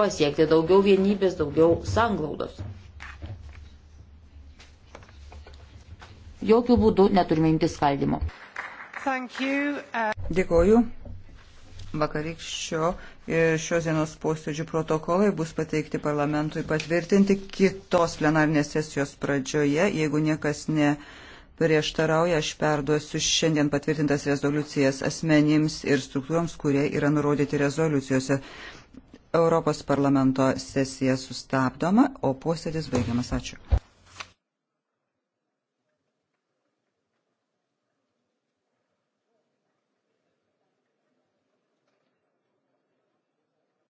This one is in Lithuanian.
pasiekti daugiau vienybės, daugiau sanglaudos. Jokių būdų neturime imti skaldimo. Uh, Dėkoju. Vakarykščio ir e, šios dienos posėdžių protokolai bus pateikti parlamentui patvirtinti kitos plenarnės sesijos pradžioje. Jeigu niekas neprieštarauja, aš perduosiu šiandien patvirtintas rezoliucijas asmenims ir struktūroms, kurie yra nurodyti rezoliucijose. Europos parlamento sesija sustabdoma, o posėdis baigiamas. Ačiū.